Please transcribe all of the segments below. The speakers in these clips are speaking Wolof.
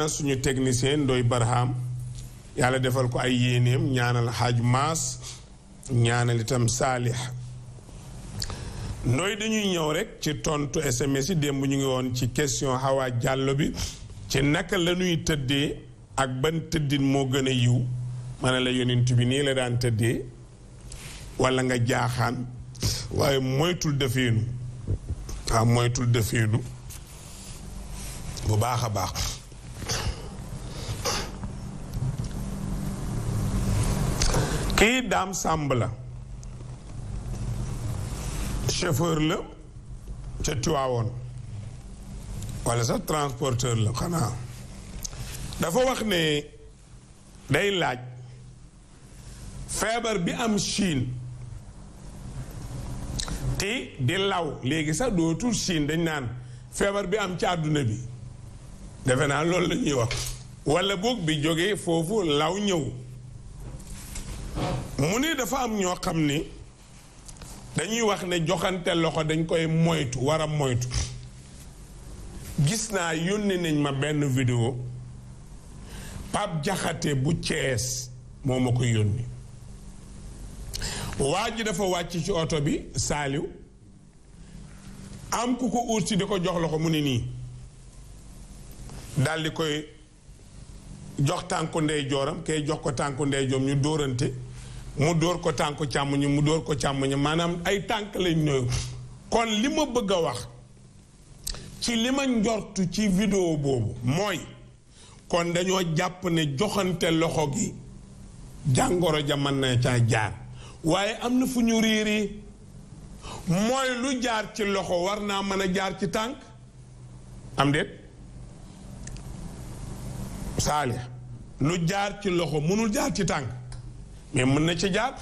na suñu technicien Ndoy Barham yàlla defal ko ay yéeneem ñaanal xaaj maas ñaanal itam saalix Ndoy dañuy ñëw rek ci tontu SMS yi bu ñu ngi woon ci question Hawa jàllo bi ci naka la ñuy tëddee ak ban tëddin moo gën a yiw ma ne la yonent bi nii la daan tëddee wala nga jaaxaan waaye moytul defeenu waaw moytul defeenu bu baax baax kii daam sàmb la chauffeur la ca Tiwaawoon walla sax transporteur la xanaa dafa wax ne day laaj feebar bi am Chine te di law léegi sax dootul Chine dañ naan feebar bi am ci àdduna bi defe naa loolu la ñuy wax walla boog bi jógee foofu law ñëw mu ne dafa am ñoo xam ni dañuy wax ne joxante loxo dañ koy moytu war moytu gis naa yónni nañ ma benn vidéo Pape Jaxate bu Cees moo ma ko yónni waa dafa wàcc ci oto bi saaliw am ku ko uur si di ko jox loxo mu ni nii daldi koy jox tànku ndeyjooram jooram kay jox ko tànku ndey ñu dóorante mu dóor ko tànku càmmoñu mu dóor ko càmmoñu maanaam ay tànk lañ nooyu kon li ma bëgg a wax ci li ma njortu ci vidéo boobu mooy kon dañoo jàpp ne joxante loxo gi jàngoro ja mën na caa jaar waaye am na fu ñu riiri mooy lu jaar ci loxo war naa mën a jaar ci tànk am déet lu jaar ci loxo mënul jaar ci tànk mais mën na ci jàpp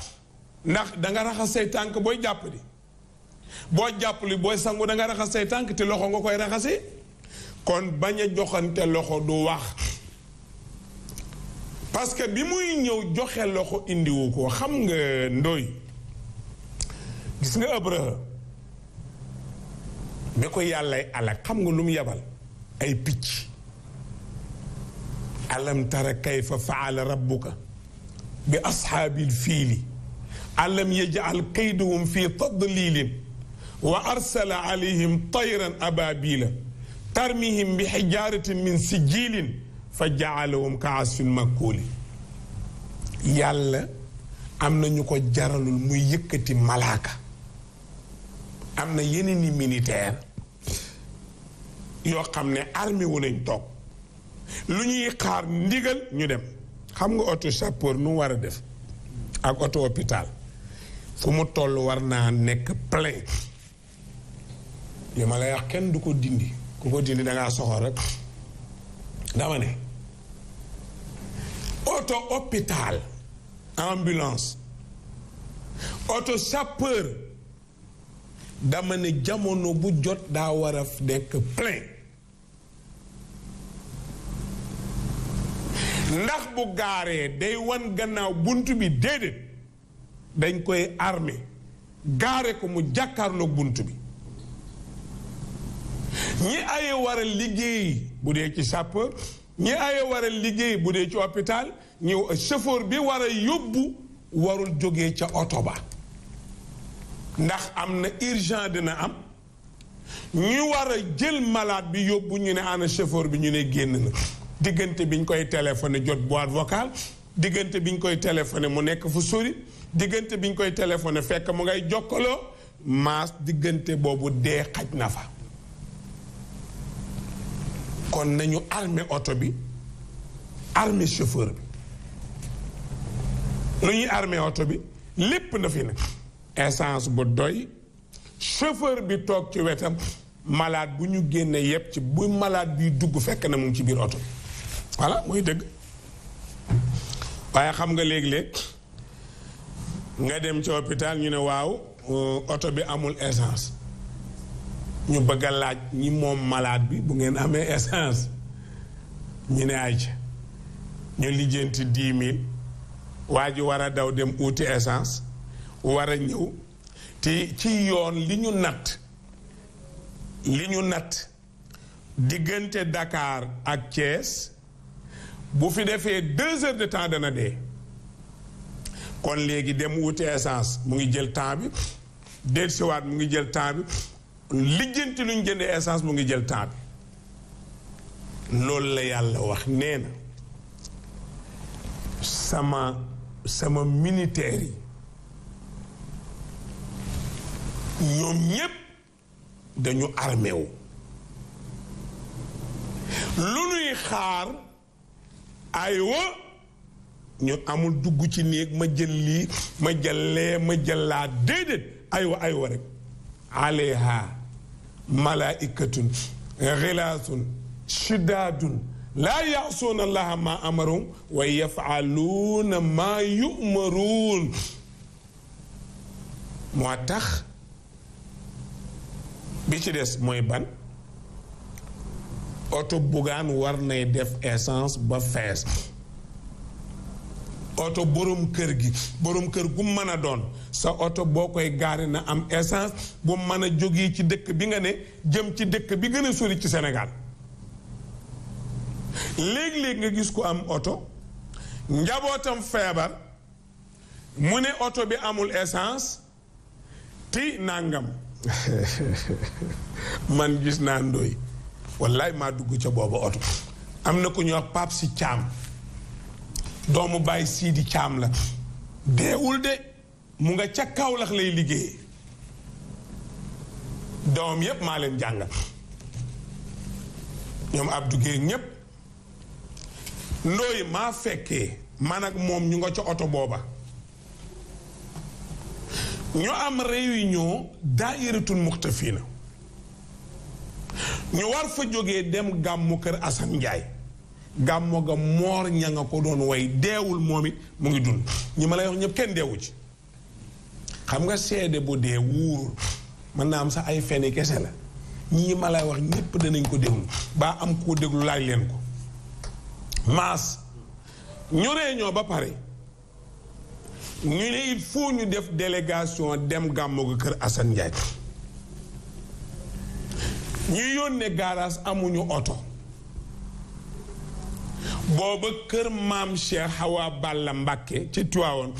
ndax danga nga tànk booy jàpp di boo jàpp li booy sangu danga nga raxas say tànk te loxo nga koy raxase kon bañ a joxante loxo du wax parce que bi muy ñëw joxe loxo indiwu ko xam nga ndóoy gis nga Abraha bi ko yàllay alak xam nga lum yebal ay picc alam tara kayfa rabbu ko bi asxaabil fiili alam yajal kayduhum fi tadlilin wa arsala alayhim tayran ababila tarmihim bi xijaratin min sijilin fa jaalahum ka asfin makkuuli yàlla am na ñu ko jaralul muy yëkkati malaaka am na yeneen i yoo xam ne armé wu nañ toog lu ñuy xaar ndigal ñu dem xam nga oto sapeur nu war a def ak oto hôpital fu mu toll war naa nekk plein li ma lay wax kenn du ko dindi ku ko dindi dangaa soxor rek dama ne oto hôpital ambulance oto sapeur dama ne jamono bu jot daa war a nekk plein ndax bu gaaree day wan gannaaw bunt bi déedéet dañ koy armé gaare ko mu jàkkarlook bunt bi ñi aye war a liggéey bu dee ci sapeur ñi aye war a liggéey bu dee ci hôpital ñëw chauffeur bi war a yóbbu warul jógee ca oto ba ndax am na urgent dina am ñu war a jël malaat bi yóbbu ñu ne ana chauffeur bi ñu ne génn na diggante bi ñu koy téléphoné jot boîte vocale diggante bi ñu koy téléphoné mu nekk fu sori diggante bi ñu koy téléphoné fekk mu ngay jokkaloo maas diggante boobu dee xaj na fa kon nañu armé oto bi armé chauffeur bi lu ñuy armé oto bi lépp na fi ne essence bu doy chauffeur bi toog ci wetam malade bu ñu génn yépp ci bu malade bi dugg fekk na mu ci biir oto voilà mooy dëgg waaye xam nga léeg-léeg nga dem ci hôpital ñu ne waaw euh, oto bi amul essence ñu bëgg a laaj ñi moom malaat bi bu ngeen amee essence ñu ne ay ñu lijjanti dix waa ji war a daw dem uuti essence war a ñëw te ci yoon li ñu natt li ñu natt diggante Dakar ak Thiès bu fi defee deux heures de temps dana dee kon léegi dem wuti essence mu ngi jël temps bi del siwaat mu ngi jël temps bi lijjanti luñ jënd essence mu ngi jël temps bi loolu la yàlla wax nee na sama sama militaire yi ñoom ñépp dañu armé lu nuy xaar aywa ñu amul dugg ci néeg ma jël lii ma jël lee ma jël laa déedéet aywa aywa rek aleyha malaikatun xilaasun shidaadun laa yaasuuna allaha ma amarum wa yafaluuna ma yumaruun moo tax bi ci des mooy ban oto bugaan war nay def essence ba fees oto borom kër gi borom kër gu mën a doon sa oto boo koy gaari na am essence bu mën a jógee ci dëkk bi nga ne jëm ci dëkk bi gën a sori ci Sénégal léeg-léeg nga gis ko am oto njabootam feebar mu ne oto bi amul essence ti nàngam man gis naa ndoy wallaay maa dugg ca booba oto am na ku ñuy wax Pape si caam doomu bàyyi di caam la deewul de mu nga ca Kaolack lay liggéeyee doom yépp maa leen jàngal ñoom ab Guèye ñépp ndooy maa fekkee man ak moom ñu nga ca oto booba ñu am réunion daayiratul muxtafiina ñu war fa jógee dem gàmmu kër Assane Ndiaye gàmmu ga moor ña nga ko doon woy deewul moom it mu ngi dund ñi ma lay wax ñëpp kenn deewu ci xam nga seede bu dee wuurul mën naa am sax ay feni kese la ñi ma lay wax ñëpp danañ ko déglu baa am koo déglu laaj leen ko maas ñu réunion ba pare ñu ne il faut ñu def délégation dem gàmmu ga kër Assane Ndiaye ñu yónnee garage amuñu oto booba kër maam Cheikh Awa Balla Mbàkke ci Tiwaawoon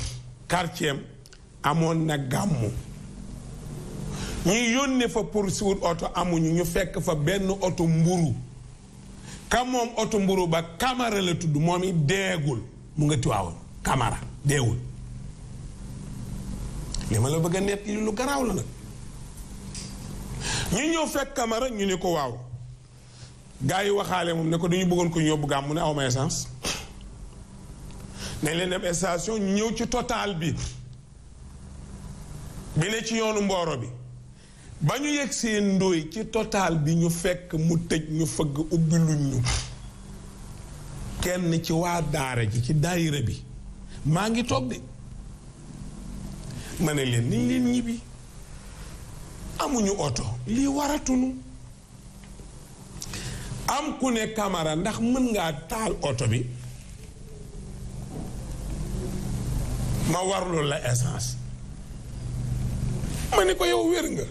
quartier amoon na gàmmu ñu yónnee fa pour si wut oto amuñu ñu fekk fa benn oto mburu ka moom oto mburu ba kamara la tudd moom it deegul mu nga Tiwaawoon kamara deewul li ma la bëgg a nett li lu garaaw la nag ñu ñëw fekk Camara ñu ne ko waaw gars yi waxaale moom ne ko dañu bëggoon ko ñu yóbbu gàmm mu ne aw essence nañ leen dem station ñu ñëw ci total bi bi ne ci yoonu mbooro bi ba ñu yegg seen ndóoy ci total bi ñu fekk mu tëj ñu fëgg ubbi luñ ñu kenn ci waa daara ji ci daayira bi maa ngi toog de ma ne leen niñ leen ñibbi amuñu oto lii waratunu am ku ne kamara ndax mën ngaa taal oto bi ma warlu la essence ma ne ko yow wér nga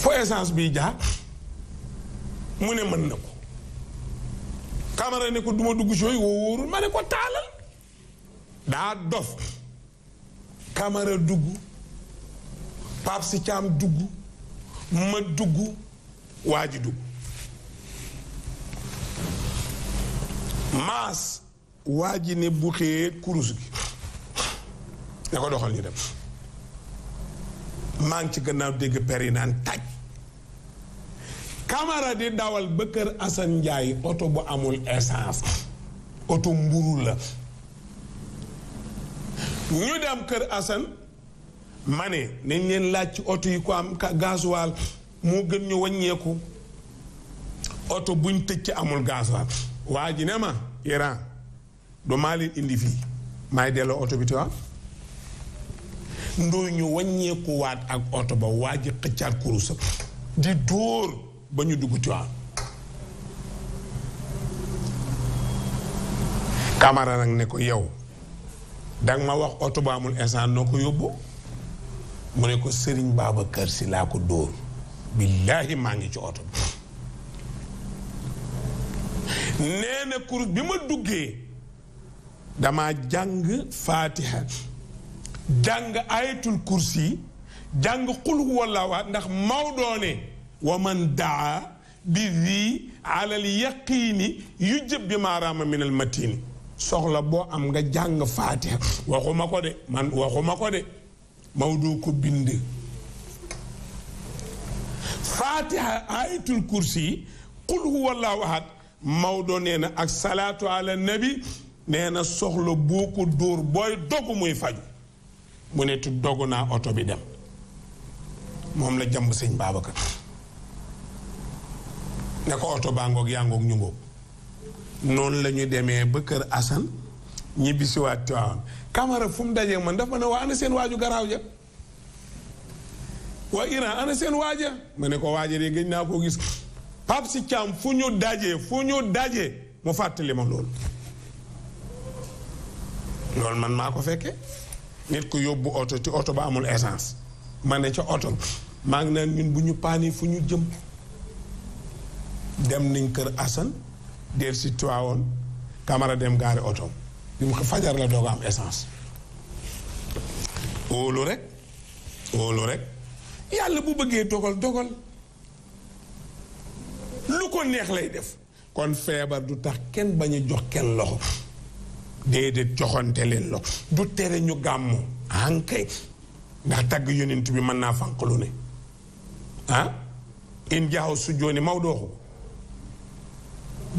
fo essence bi jaar mu ne mën na ko kamara ne ko duma dugg sooy woo ma ne ko taalal daa dof kamara dugg Pape si caam dugg ma dugg waa ji dugg maas waa ji ne bu kurus gi ne ko doxal ñu dem maa ngi ci gannaaw dégg per yi naan taj kamara di dawal ba kër Assane Ndiaye oto bu amul essence oto mburu la ñu dem kër Assane mane ne nañ leen laaj ci oto yi ko am gasoil moo gën ñu wàññeeku oto buñ tëj ci amul gasoil waa ji ne ma Iran du maa leen indi fii maay delloo oto bi tuwaa ndoo ñu waññeeku waat ak oto ba waa ji xëccaat kurusa di dóor ba ñu dugg tuwaa Camara nag ne ko yow danga ma wax oto ba amul essence noo ko yóbbu mu ne ko sëriñ Babacar si laa ko dóor billaahi maa ngi cooto oto bi bi ma duggee dama jàng faatiha jàng ayatul kursi jàng xul walla wa ndax maw doone wa man daa bi vii alal yaqiini yu jëb bi maaraama min al matini soxla boo am nga jàng faatiha waxuma ko de man waxuma ko de Maodo ko bind faatiha ayatul kursi qul huwa allahu ahad Maodo nee na ak salaatu ala nabi nee na soxla boo ko dóor booy dogu muy faju mu ne tu dogu naa oto bi dem moom la jàmb sëñ Babacar ne ko oto baa ngoog yaa ngoog ñu ngoog noonu la ñu demee ba kër Assane ñibbisiwaat Tiwaawan Camara fu mu dajee man dafa ma waa ana seen waaju garaaw ja waa Iran ana seen waaja ma ne ko waaja de gëj naa koo gis Pape Si Thiam fu ñu dajee fu ñu dajee mu fàttali ma loolu loolu man maa ko fekke nit ko yóbbu oto ci oto ba amul essence ma ne ca oto maa ngi naan ñun bu ñu paani fu ñu jëm dem nañ kër Assane del si Tiwaawan Camara dem gaari oto bi mu fajar la doog am essence wóolu rek wóolu rek yàlla bu bëggee dogal dogal lu ko neex lay def kon feebar du tax kenn bañ jox kenn loxo déedéet joxante leen loxo du tere ñu gàmmu ankay ah, ndax tagg yonent bi mën naa fànq lu ne ah in jaaxaw su jooni maw dooxu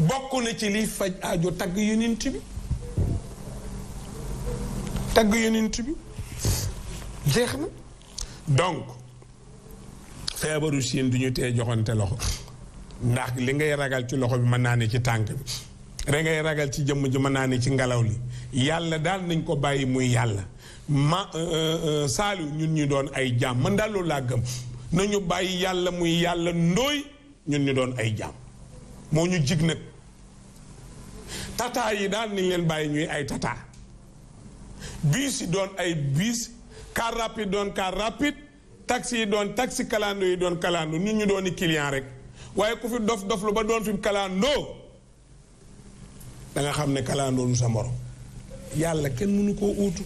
bokk na ci liy faj aajo tagg yonent bi dagg yonent bi jeex na donc feebaru Chine du ñu tee joxante loxo ndax li ngay ragal ci loxo bi mën naa ne ci tànk bi rek ngay ragal ci jëmm ji mën naa ne ci ngelaw li yàlla daal nañ ko bàyyi muy yàlla ma euh, euh, euh, saali ñun ñu doon ay jaam man daal loolu laa gëm nañu bàyyi yàlla muy yàlla ndóoy ñun ñu doon ay jaam moo ñu jig nag tataa yi daal nañ leen bàyyi ñuy ay tataa bus yi doon ay bus car rapide doon car rapid taxi yi doon taxi kalandoo yi doon kalandoo nit ñu dooni client rek waaye ku fi dof dof lu ba doon fi kalandoo danga xam ne kalandoo nu sa morom yàlla kenn mënu ko uutu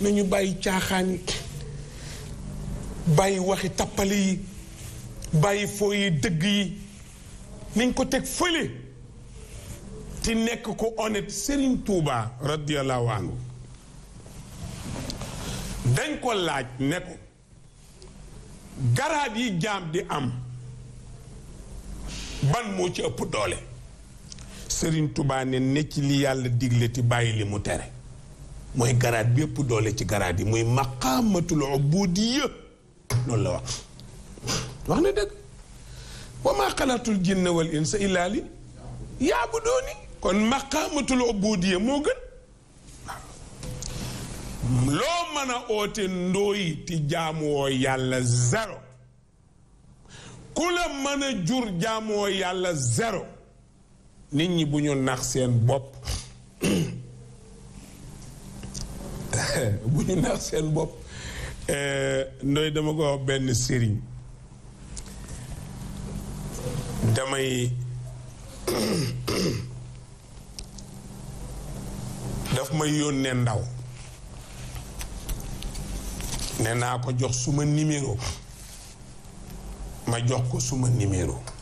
nañu ñu bàyyi caaxaan yi bàyyi waxi tappale yi bàyyi foo yi dëgg yi nañ ko teg fële te nekk ko honnête Serigne Touba radiallahu anhu dañ ko laaj ne ko garaat yi jaam di am ban moo ci ëpp doole sëriñ Tuubaa ne ne li yàlla digle ti bàyyi li mu tere mooy garaat bi doole ci garaat yi muy maqaamatul ubudiya loolu la wax wax na dëgg wa maa xalaatul jinna wal insa illaa li yaabudooni kon maqaamatul ubudiya moo gën loo mën a oote ndóoyi ti jaamuwoo yàlla zéro ku la mën a jur jaamuwoo yàlla zéro nit ñi bu ñu nax seen bopp bu ñu nax seen bopp eh, ndooy dama ko wax benn sëriñ damay daf may yónnee ndaw ne naa ko jox suma numéro ma jox ko suma numéro